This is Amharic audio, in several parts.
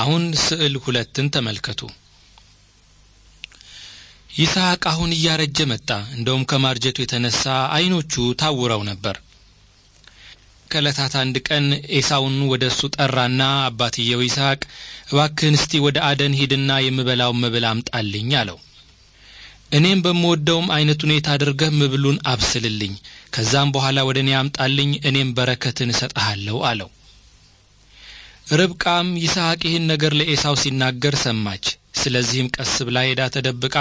አሁን ስዕል ሁለትን ተመልከቱ። ይስሐቅ አሁን እያረጀ መጣ። እንደውም ከማርጀቱ የተነሳ አይኖቹ ታውረው ነበር። ከእለታት አንድ ቀን ኤሳውን ወደ እሱ ጠራና አባትየው ይስሐቅ እባክህን እስቲ ወደ አደን ሂድና የምበላውን መብል አምጣልኝ አለው። እኔም በምወደውም አይነት ሁኔታ አድርገህ ምብሉን አብስልልኝ፣ ከዛም በኋላ ወደ እኔ አምጣልኝ፣ እኔም በረከትን እሰጠሃለሁ አለው። ርብቃም ይስሐቅ ይህን ነገር ለኤሳው ሲናገር ሰማች። ስለዚህም ቀስ ብላ ሄዳ ተደብቃ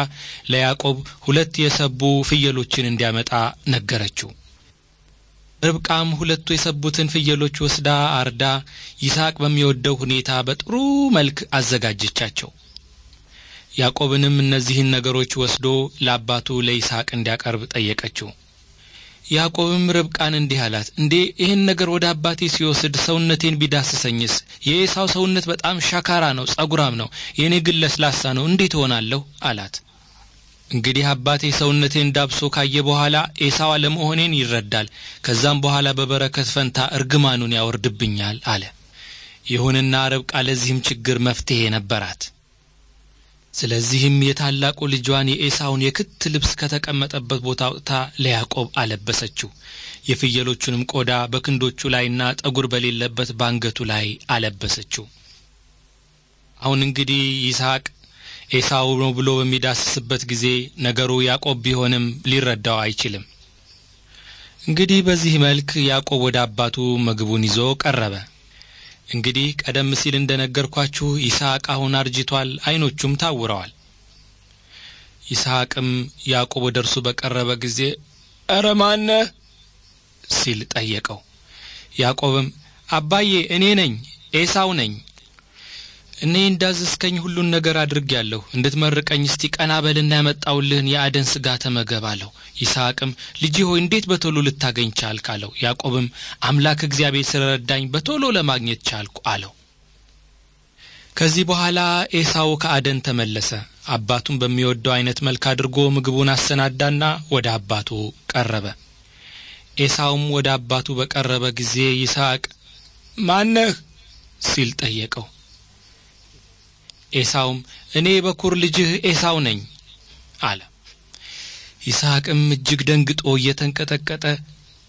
ለያዕቆብ ሁለት የሰቡ ፍየሎችን እንዲያመጣ ነገረችው። ርብቃም ሁለቱ የሰቡትን ፍየሎች ወስዳ አርዳ ይስሐቅ በሚወደው ሁኔታ በጥሩ መልክ አዘጋጀቻቸው። ያዕቆብንም እነዚህን ነገሮች ወስዶ ለአባቱ ለይስሐቅ እንዲያቀርብ ጠየቀችው። ያዕቆብም ርብቃን እንዲህ አላት፣ እንዴ ይህን ነገር ወደ አባቴ ሲወስድ ሰውነቴን ቢዳስሰኝስ? የኤሳው ሰውነት በጣም ሻካራ ነው፣ ጸጉራም ነው፣ የእኔ ግን ለስላሳ ነው፣ እንዴት እሆናለሁ? አላት። እንግዲህ አባቴ ሰውነቴን ዳብሶ ካየ በኋላ ኤሳው አለመሆኔን ይረዳል። ከዛም በኋላ በበረከት ፈንታ እርግማኑን ያወርድብኛል አለ። ይሁንና ርብቃ ለዚህም ችግር መፍትሄ ነበራት። ስለዚህም የታላቁ ልጇን የኤሳውን የክት ልብስ ከተቀመጠበት ቦታ አውጥታ ለያዕቆብ አለበሰችው። የፍየሎቹንም ቆዳ በክንዶቹ ላይና ጠጉር በሌለበት ባንገቱ ላይ አለበሰችው። አሁን እንግዲህ ይስሐቅ ኤሳው ነው ብሎ በሚዳስስበት ጊዜ ነገሩ ያዕቆብ ቢሆንም ሊረዳው አይችልም። እንግዲህ በዚህ መልክ ያዕቆብ ወደ አባቱ ምግቡን ይዞ ቀረበ። እንግዲህ ቀደም ሲል እንደነገርኳችሁ ነገርኳችሁ ይስሐቅ አሁን አርጅቷል፣ ዐይኖቹም ታውረዋል። ይስሐቅም ያዕቆብ ወደ እርሱ በቀረበ ጊዜ እረ ማነህ ሲል ጠየቀው። ያዕቆብም አባዬ እኔ ነኝ፣ ኤሳው ነኝ እኔ እንዳዘዝከኝ ሁሉን ነገር አድርጌያለሁ፣ እንድትመርቀኝ እስቲ ቀና በልና ያመጣውልህን የአደን ሥጋ ተመገብ አለው። ይስሐቅም ልጅ ሆይ እንዴት በቶሎ ልታገኝ ቻልክ? አለው። ያዕቆብም አምላክ እግዚአብሔር ስለረዳኝ በቶሎ ለማግኘት ቻልኩ አለው። ከዚህ በኋላ ኤሳው ከአደን ተመለሰ። አባቱን በሚወደው አይነት መልክ አድርጎ ምግቡን አሰናዳና ወደ አባቱ ቀረበ። ኤሳውም ወደ አባቱ በቀረበ ጊዜ ይስሐቅ ማነህ ሲል ጠየቀው። ኤሳውም እኔ በኩር ልጅህ ኤሳው ነኝ አለ። ይስሐቅም እጅግ ደንግጦ እየተንቀጠቀጠ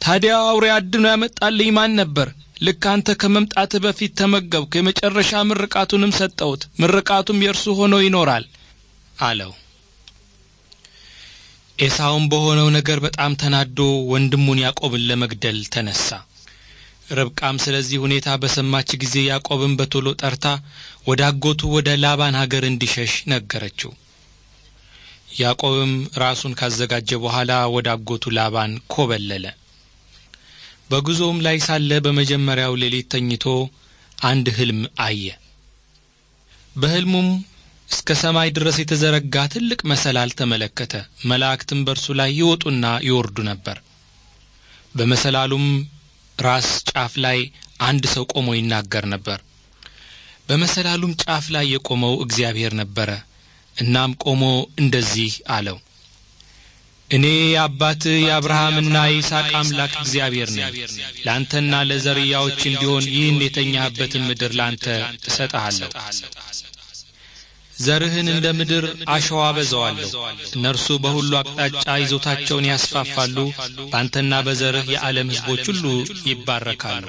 ታዲያ አውሬ አድኖ ያመጣልኝ ማን ነበር? ልክ አንተ ከመምጣትህ በፊት ተመገብኩ፣ የመጨረሻ ምርቃቱንም ሰጠሁት፣ ምርቃቱም የእርሱ ሆኖ ይኖራል አለው። ኤሳውም በሆነው ነገር በጣም ተናዶ ወንድሙን ያዕቆብን ለመግደል ተነሳ። ርብቃም ስለዚህ ሁኔታ በሰማች ጊዜ ያዕቆብን በቶሎ ጠርታ ወደ አጎቱ ወደ ላባን ሀገር እንዲሸሽ ነገረችው። ያዕቆብም ራሱን ካዘጋጀ በኋላ ወደ አጎቱ ላባን ኮበለለ። በጉዞውም ላይ ሳለ በመጀመሪያው ሌሊት ተኝቶ አንድ ህልም አየ። በህልሙም እስከ ሰማይ ድረስ የተዘረጋ ትልቅ መሰላል ተመለከተ። መላእክትም በእርሱ ላይ ይወጡና ይወርዱ ነበር። በመሰላሉም ራስ ጫፍ ላይ አንድ ሰው ቆሞ ይናገር ነበር። በመሰላሉም ጫፍ ላይ የቆመው እግዚአብሔር ነበረ። እናም ቆሞ እንደዚህ አለው፣ እኔ የአባትህ የአብርሃምና የይስሐቅ አምላክ እግዚአብሔር ነኝ። ለአንተና ለዘርያዎች እንዲሆን ይህን የተኛህበትን ምድር ለአንተ እሰጠሃለሁ። ዘርህን እንደ ምድር አሸዋ በዘዋለሁ እነርሱ በሁሉ አቅጣጫ ይዞታቸውን ያስፋፋሉ። በአንተና በዘርህ የዓለም ሕዝቦች ሁሉ ይባረካሉ።